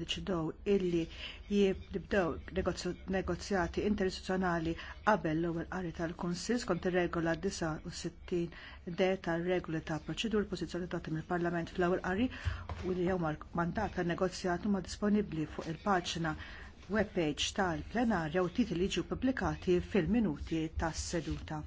deċidow illi jibdew negozjati interistituzzjonali qabel l-ewwel qari tal-Kunsill skont ir-regola 69 d tar-regoli ta' proċedur pożizzjoni tagħti mill-Parlament fl-ewwel qari u li jew mandat tan-negozjat huma disponibbli fuq il-paġna webpage tal-plenarja u titli jiġu pubblikati fil-minuti tas-seduta.